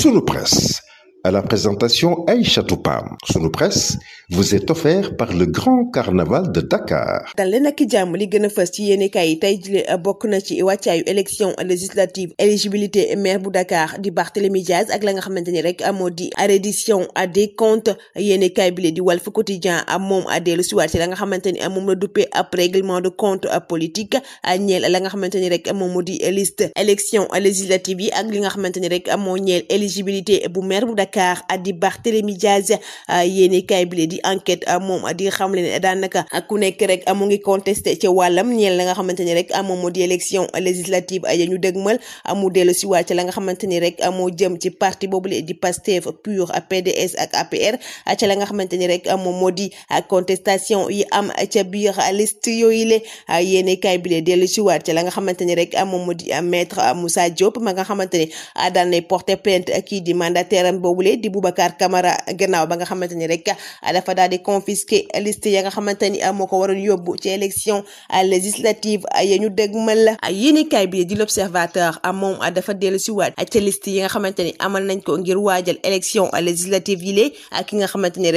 sunu presse à la présentation Aïcha Toupam. Sunu Presse vous est offert par le Grand Carnaval de Dakar. dalal nag jàmm li gën a fës ci yéenekaay yi tey jile bokk na ci wàccaayu élection législative éligibilité maire bu Dakar di Barthélémy Diaz ak la nga xamante ni rek moo di reddition des comptes yéenekaay bi di Walf Quotidien moom dellu si ci la nga xamante ni moom la duppee ab règlement de compte politique ñeel la nga xamante ni rek moom moo di liste élection législative yi ak li nga xamante ni rek moo ñeel éligibilité bu maire bu Dakar Dakar di Barthélémy euh, euh, ku nekk rek euh, mu ngi contesté ci wàllam la nga xamante ni rek moom moo di la nga xamante ni rek moo jëm ci parti boobule di PASTEF PUR PDS ak APR ci la contestation yi am ca biir liste yooyu le yéeni kaay bi dellu si waat ci la nga xamante ni rek moom a di maître Moussa Diop ma nga xamante ni daan nay porter plainte kii di mandataire boobu boobule di Boubacar Camara gannaaw ba nga xamante ni rek dafa daal di confisquer liste ya nga xamante ni moo ko waroon yóbbu ci élection législative di l'observateur moom dafa dellu ni amal nañ ko ngir waajal élection législative yi lee ki nga xamante ni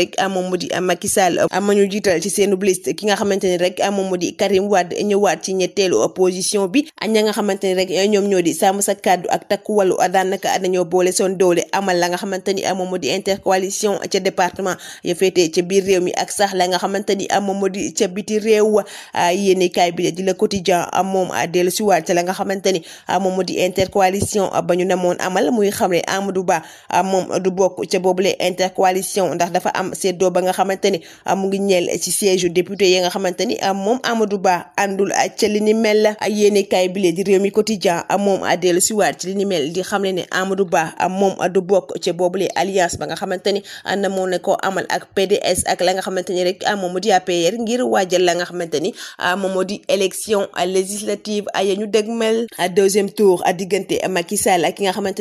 ñu jiital ci seenub liste ki nga xamante ni a moom mu di Karim Wade ñëwaat ci ñetteelu opposition bi ña nga xamante ni rek ñoom ñoo di sàmm sa kàddu ak takkuwàllu daanaka dañoo boole seen doole amal la nga xamante ni am moo di intercoalition ca département ya féete ca biir réew mi ak sax la nga xamante ni am moo di ca biti réew yéeni kaay bi di le quotidien moom dellu siwaat ca la nga xamante ni moom moo di intercoalition ba ñu namoon amal muy xam ne Amadou Ba moom du bokk ca boobule intercoalition ndax dafa am seddoo ba nga xamante ni mu ngi ñeel ci siège député yi nga xamante ni moom Amadou Ba àndul ca li ni mel yéeni kaay bi di réew mi quotidien moom dellu siwaat ci li ni mel di xam ne ne Amadou Ba moom du bokk ca boobu boobulee alliance ba nga xamante ni ah, la nga xamante ni rek ah, moom a di APR ngir waajal la nga xamante ni ah, moom moo di élection législative ya ñu dégmel deuxième tour diggante Macky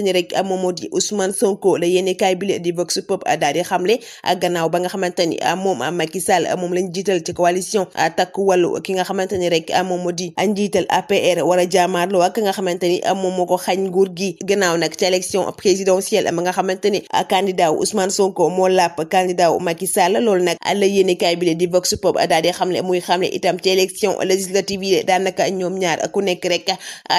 ni rek moom moo di Ousmane la yéene kaay bi di Vox Pop daal di ni moom Macky Sall moom lañ jiital ci coalition takku wàllu ki nga xamante ni a moom moo di njiital APR war a jaamaarloo ak nga xamante ni moom moo xañ nguur gi gannaaw nag ci élection présidentielle ma nga xamante candidat wu Ousmane Sonko moo làpp candidat wu Macky Sall loolu nag la yéenekaay bi di Vox Pop daal di xamle muy xamle itam ci élection législative yi daanaka ñoom ñaar ku nekk rek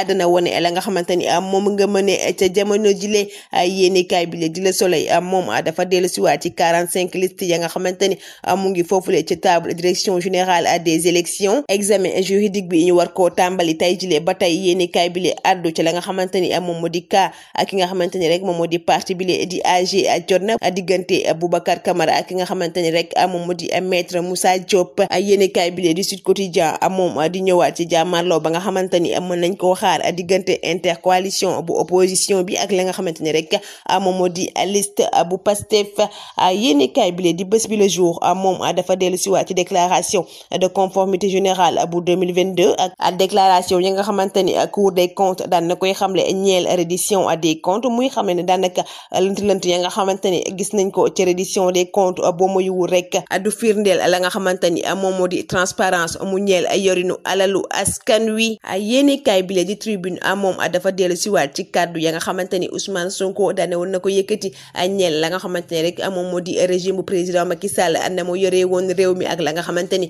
dana wone la nga xamante ni moom nga mëne ca jamono jile yéenekaay bi le di Le Soleil moom dafa dellu siwaat ci quarante cinq liste ya nga xamante ni mu ngi foofule ci table direction générale des élections examen ñu war koo tàmbali tay jile ba tey yéenekaay bi le addu ci la nga xamante ni moom moo di ka ak ki nga xamante ni rek moom moo di parti bi le di âge jot na diggante Boubacar Camara ak ki ni rek moom mu di maître Moussa Diop yéenekaay bi di Sud Quotidien moom di ñëwaat ci jàmmarloo ba nga xamante ni mën nañ koo xaar diggante intercoalition bu opposition bi ak la nga xamante ni rek moom moo di liste bu Pastef yéenekaay bi di bés bi le jour moom dafa dellu siwaat ci déclaration de conformité générale bu 2022 ak déclaration yi nga xamante ni Cour des comptes daan na koy xamle ñeel reddition des comptes muy xamle ne daanaka lënt lënt ya nga xamante ni gis nañ ko ci reddition des comptes boo mayuwul rek du firndeel la nga xamante ni moom moo di transparence mu ñeel yorinu alalu askan wi yéenekaay bile di tribune moom dafa dellu siwaat ci kàddu ya nga xamante ni Ousmane Sonko daane woon na ko yëkkati ñeel la nga xamante ni rek moom moo di régime bu président Macky Sall na mu yore woon réew mi ak la nga xamante ni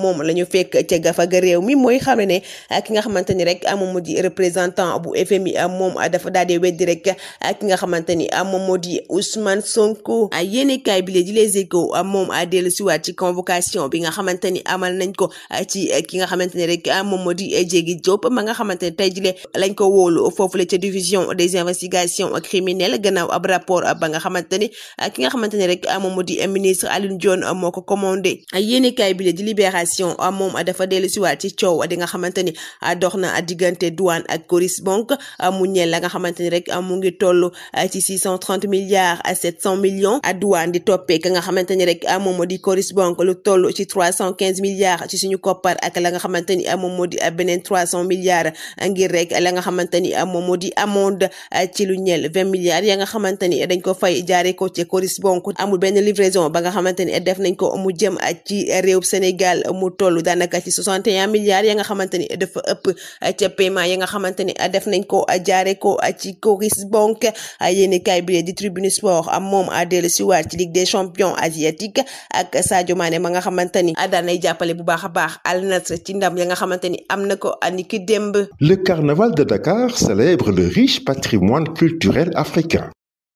moom la ñu fekk ca gafaga réew mi mooy xam ne ki nga xamante ni rek moom moo di représentant bu FMI moom dafa daal di weddi rek ki nga xamante ni moom moo di bi Ousmane Sonko yéenekaay bi lee di Les a moom dellu siwaat ci convocation bi nga xamante ni amal nañ ko ci ki nga xamante ni rek moom moo di Diégui Diop ma nga xamante ni tey jile lañ ko wóolu foofule ca division des investigations criminelles gannaaw ab rapport ba nga xamante ni ki nga xamante ni rek moom moo di ministre Alioune Dione moo ko commandé yéenekaay bi lee di Libération moom dafa dellu siwaat ci coow di nga xamante ni dox na diggante douane ak Coris Bank mu ñeel la nga xamante ni rek mu ngi toll ci six cent trente millions milliards à sept cent millions aduwaan di toppee nga xamante dañ ko fay jaaree ko ci amul benn livraison ba nga xamante def nañ ko mu jëm ah, ci réew Sénégal mu toll daanaka ci soixante et un milliards ya nga xamante dafa ëpp ah, ca paiement ya nga xamante def nañ ko jaaree ko ci Coris Bank ah, kay bi tribune sport am moom adelu si waat ci ligue des champions asiatique ak Sadio Mané ma nga xamante ni daanay jàppale bu baax a baax Al Nassr ci ndam ya nga xamante ni am na ko aniki démb. Le carnaval de Dakar célèbre le riche patrimoine culturel africain.